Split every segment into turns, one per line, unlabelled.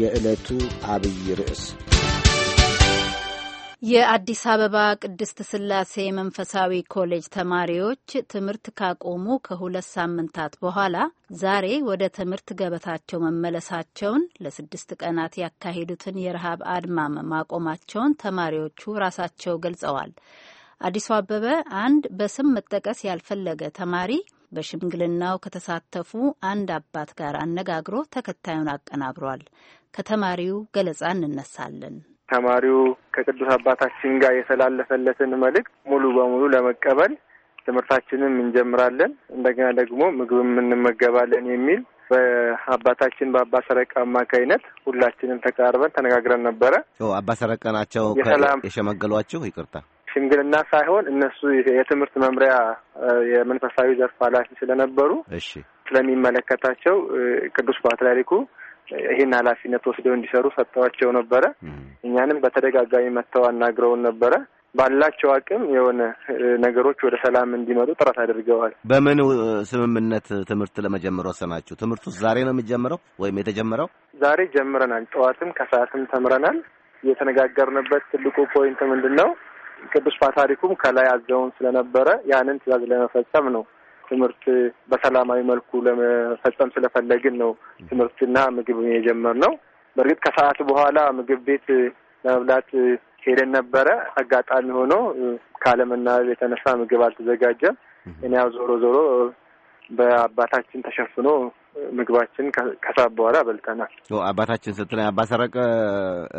የዕለቱ አብይ ርዕስ የአዲስ አበባ ቅድስት ስላሴ መንፈሳዊ ኮሌጅ ተማሪዎች ትምህርት ካቆሙ ከሁለት ሳምንታት በኋላ ዛሬ ወደ ትምህርት ገበታቸው መመለሳቸውን ለስድስት ቀናት ያካሄዱትን የረሃብ አድማም ማቆማቸውን ተማሪዎቹ ራሳቸው ገልጸዋል። አዲሱ አበበ አንድ በስም መጠቀስ ያልፈለገ ተማሪ በሽምግልናው ከተሳተፉ አንድ አባት ጋር አነጋግሮ ተከታዩን አቀናብሯል። ከተማሪው ገለጻ እንነሳለን።
ተማሪው ከቅዱስ አባታችን ጋር የተላለፈለትን መልእክት ሙሉ በሙሉ ለመቀበል ትምህርታችንም እንጀምራለን፣ እንደገና ደግሞ ምግብም እንመገባለን የሚል በአባታችን በአባ ሰረቃ አማካይነት ሁላችንም ተቃርበን ተነጋግረን ነበረ።
አባ ሰረቃ ናቸው የሸመገሏችሁ? ይቅርታ
ሽምግልና ሳይሆን እነሱ የትምህርት መምሪያ የመንፈሳዊ ዘርፍ ኃላፊ ስለነበሩ ስለሚመለከታቸው ቅዱስ ፓትርያርኩ ይህን ኃላፊነት ወስደው እንዲሰሩ ሰጥተዋቸው ነበረ። እኛንም በተደጋጋሚ መጥተው አናግረውን ነበረ። ባላቸው አቅም የሆነ ነገሮች ወደ ሰላም እንዲመጡ ጥረት አድርገዋል።
በምን ስምምነት ትምህርት ለመጀመር ወሰናችሁ? ትምህርት ውስጥ ዛሬ ነው የሚጀምረው ወይም የተጀመረው?
ዛሬ ጀምረናል። ጠዋትም ከሰዓትም ተምረናል። የተነጋገርንበት ትልቁ ፖይንት ምንድን ነው? ቅዱስ ፓትርያርኩም ከላይ አዘውን ስለነበረ ያንን ትእዛዝ ለመፈጸም ነው። ትምህርት በሰላማዊ መልኩ ለመፈጸም ስለፈለግን ነው ትምህርትና ምግብ የጀመርነው። በእርግጥ ከሰዓት በኋላ ምግብ ቤት ለመብላት ሄደን ነበረ። አጋጣሚ ሆኖ ካለመናበብ የተነሳ ምግብ አልተዘጋጀም። እኔ ያው ዞሮ ዞሮ በአባታችን ተሸፍኖ ምግባችን ከሳብ በኋላ በልተናል።
አባታችን ስትለ አባ ሰረቀ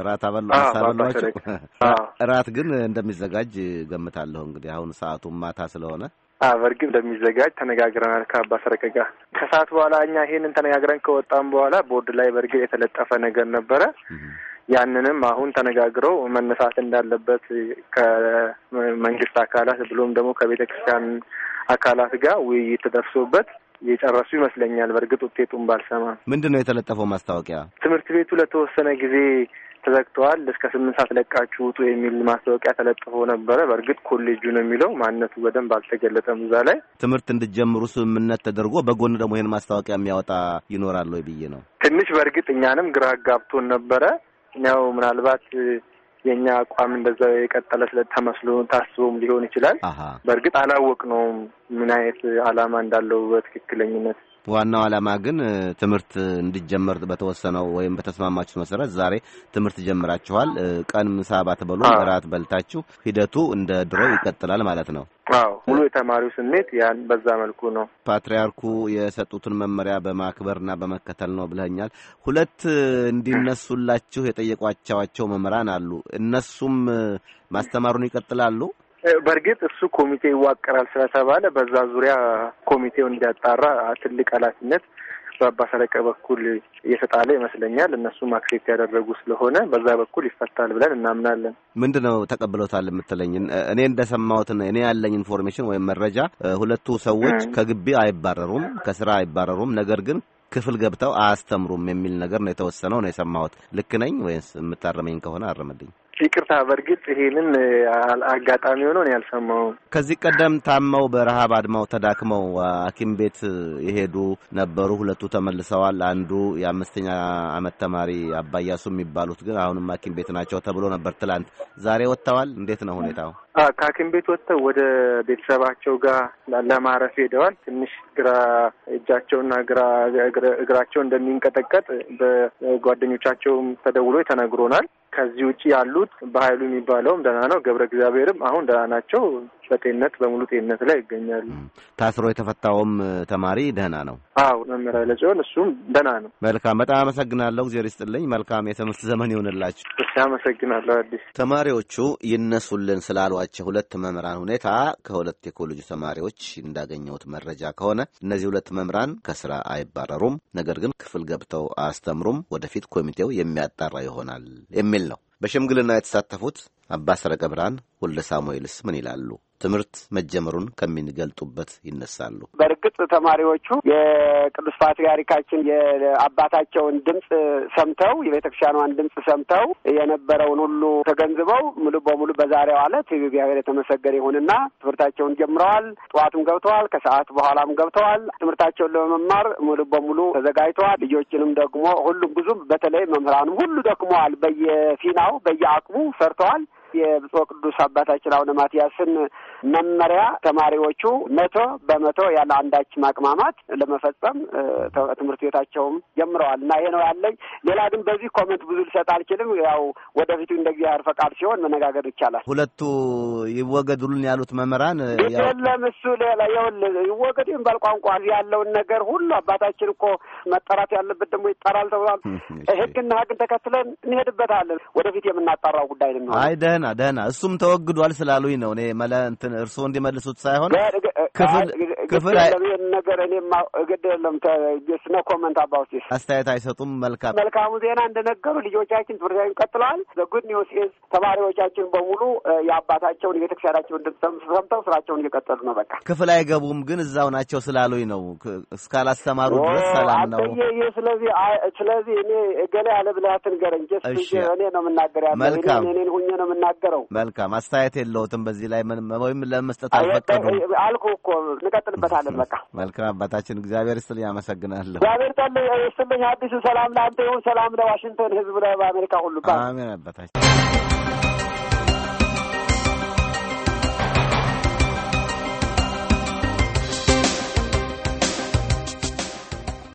እራት አበሉ እራት ግን እንደሚዘጋጅ ገምታለሁ። እንግዲህ አሁን ሰዓቱም ማታ ስለሆነ
በእርግጥ እንደሚዘጋጅ ተነጋግረናል ከአባ ሰረቀ ጋር ከሰዓት በኋላ እኛ ይሄንን ተነጋግረን ከወጣም በኋላ ቦርድ ላይ በእርግጥ የተለጠፈ ነገር ነበረ። ያንንም አሁን ተነጋግረው መነሳት እንዳለበት ከመንግስት አካላት ብሎም ደግሞ ከቤተ ክርስቲያን አካላት ጋር ውይይት ተደርሶበት የጨረሱ ይመስለኛል። በእርግጥ ውጤቱን ባልሰማ።
ምንድን ነው የተለጠፈው ማስታወቂያ?
ትምህርት ቤቱ ለተወሰነ ጊዜ ተዘግተዋል፣ እስከ ስምንት ሰዓት ለቃችሁ ውጡ የሚል ማስታወቂያ ተለጥፎ ነበረ። በእርግጥ ኮሌጁ ነው የሚለው፣ ማንነቱ በደንብ አልተገለጠም። እዛ ላይ
ትምህርት እንድትጀምሩ ስምምነት ተደርጎ በጎን ደግሞ ይህን ማስታወቂያ የሚያወጣ ይኖራል ወይ ብዬ ነው።
ትንሽ በእርግጥ እኛንም ግራ ጋብቶን ነበረ። ያው ምናልባት የእኛ አቋም እንደዛ የቀጠለ ስለተመስሎ ታስቦም ሊሆን ይችላል። በእርግጥ አላወቅ ነው ምን አይነት አላማ እንዳለው በትክክለኝነት
ዋናው ዓላማ ግን ትምህርት እንዲጀመር በተወሰነው ወይም በተስማማችሁት መሰረት ዛሬ ትምህርት ጀምራችኋል። ቀን ምሳ ባትበሉ እራት በልታችሁ ሂደቱ እንደ ድሮ ይቀጥላል ማለት ነው።
አዎ ሙሉ የተማሪው ስሜት ያን በዛ መልኩ ነው።
ፓትርያርኩ የሰጡትን መመሪያ በማክበርና በመከተል ነው ብለኛል። ሁለት እንዲነሱላችሁ የጠየቋቸዋቸው መምህራን አሉ። እነሱም ማስተማሩን ይቀጥላሉ።
በእርግጥ እሱ ኮሚቴ ይዋቀራል ስለተባለ በዛ ዙሪያ ኮሚቴውን እንዲያጣራ ትልቅ ኃላፊነት በአባ በኩል እየተጣለ ይመስለኛል። እነሱም አክሴፕት ያደረጉ ስለሆነ በዛ በኩል ይፈታል ብለን እናምናለን።
ምንድን ነው ተቀብሎታል የምትለኝን? እኔ እንደሰማሁትን እኔ ያለኝ ኢንፎርሜሽን ወይም መረጃ ሁለቱ ሰዎች ከግቢ አይባረሩም፣ ከስራ አይባረሩም፣ ነገር ግን ክፍል ገብተው አያስተምሩም የሚል ነገር ነው የተወሰነው ነው የሰማሁት። ልክ ነኝ ወይስ የምታረመኝ ከሆነ አረመልኝ።
ይቅርታ፣ በእርግጥ ይሄንን አጋጣሚ ሆኖ ነው አልሰማሁም።
ከዚህ ቀደም ታመው በረሃብ አድማው ተዳክመው ሐኪም ቤት የሄዱ ነበሩ። ሁለቱ ተመልሰዋል። አንዱ የአምስተኛ ዓመት ተማሪ አባያሱ የሚባሉት ግን አሁንም ሐኪም ቤት ናቸው ተብሎ ነበር ትላንት። ዛሬ ወጥተዋል። እንዴት ነው ሁኔታው?
ከሐኪም ቤት ወጥተው ወደ ቤተሰባቸው ጋር ለማረፍ ሄደዋል። ትንሽ ግራ እጃቸውና ግራ እግራቸው እንደሚንቀጠቀጥ በጓደኞቻቸውም ተደውሎ ተነግሮናል። ከዚህ ውጭ ያሉት በሀይሉ የሚባለውም ደህና ነው። ገብረ እግዚአብሔርም አሁን ደህና ናቸው። በጤንነት በሙሉ ጤንነት ላይ ይገኛሉ።
ታስሮ የተፈታውም ተማሪ ደህና ነው።
አዎ መምህር ኃይለ እሱም ደህና ነው።
መልካም በጣም አመሰግናለሁ። እግዚአብሔር ይስጥልኝ። መልካም የትምህርት ዘመን ይሆንላችሁ። እሺ አመሰግናለሁ። አዲስ ተማሪዎቹ ይነሱልን ስላሏቸው ሁለት መምህራን ሁኔታ ከሁለት የኮሌጁ ተማሪዎች እንዳገኘሁት መረጃ ከሆነ እነዚህ ሁለት መምህራን ከስራ አይባረሩም፣ ነገር ግን ክፍል ገብተው አያስተምሩም። ወደፊት ኮሚቴው የሚያጣራ ይሆናል የሚል በሽምግልና የተሳተፉት አባ ሰረቀ ብርሃን ወልደ ሳሙኤልስ ምን ይላሉ? ትምህርት መጀመሩን ከሚገልጡበት ይነሳሉ።
በእርግጥ ተማሪዎቹ የቅዱስ ፓትርያርካችን የአባታቸውን ድምፅ ሰምተው የቤተክርስቲያኗን ድምፅ ሰምተው የነበረውን ሁሉ ተገንዝበው ሙሉ በሙሉ በዛሬው ዕለት እግዚአብሔር የተመሰገነ ይሁንና ትምህርታቸውን ጀምረዋል። ጠዋቱም ገብተዋል፣ ከሰዓት በኋላም ገብተዋል። ትምህርታቸውን ለመማር ሙሉ በሙሉ ተዘጋጅተዋል። ልጆችንም ደግሞ ሁሉም ብዙም በተለይ መምህራንም ሁሉ ደክመዋል። በየፊናው በየአቅሙ ሰርተዋል። የብፁዕ ቅዱስ አባታችን አቡነ ማትያስን መመሪያ ተማሪዎቹ መቶ በመቶ ያለ አንዳች ማቅማማት ለመፈጸም ትምህርት ቤታቸውም ጀምረዋል እና ይሄ ነው ያለኝ። ሌላ ግን በዚህ ኮመንት ብዙ ልሰጥ አልችልም። ያው ወደፊቱ እንደ እግዚአብሔር ፈቃድ ሲሆን መነጋገር ይቻላል።
ሁለቱ ይወገዱልን ያሉት መምህራን የለም
እሱ ሌላ የውል ይወገዱ የሚባል ቋንቋ ያለውን ነገር ሁሉ አባታችን እኮ መጠራት ያለበት ደግሞ ይጠራል ተብሏል። ህግና ሕግን ተከትለን እንሄድበታለን። ወደፊት የምናጣራው ጉዳይ ነው አይደ
ደህና ደህና እሱም ተወግዷል ስላሉኝ ነው እኔ መለ እንትን እርስዎ እንዲመልሱት ሳይሆን ክፍል ክፍል
ነገር እኔ እግድ የለም ስ ኖ ኮመንት አባውት
አስተያየት አይሰጡም። መልካም መልካሙ
ዜና እንደነገሩ ልጆቻችን ትምህርት ቤት ቀጥለዋል። ዘጉድ ኒውስ ኢዝ ተማሪዎቻችን በሙሉ የአባታቸውን የቤተክርስቲያናቸውን ድምፅ ሰምተው ስራቸውን እየቀጠሉ ነው። በቃ
ክፍል አይገቡም፣ ግን እዛው ናቸው ስላሉኝ ነው እስካላስተማሩ ድረስ ሰላም ነው።
ስለዚህ ስለዚህ እኔ እገሌ አለ ብለህ አትንገረኝ። ጀስት እኔ ነው የምናገር ያለ እኔን ሁኜ ነው የምናገረው።
መልካም አስተያየት የለውትም በዚህ ላይ ወይም ለመስጠት አልፈቀዱም
አልኩ እኮ እንቀጥልበታለን። በቃ
መልካም አባታችን እግዚአብሔር ስል አመሰግናለሁ። እግዚአብሔር
ጠል ይስጥልኝ። አዲሱ ሰላም ለአንተ ይሁን፣ ሰላም ለዋሽንግተን ህዝብ፣ ለአሜሪካ ሁሉ።
አሜን አባታችን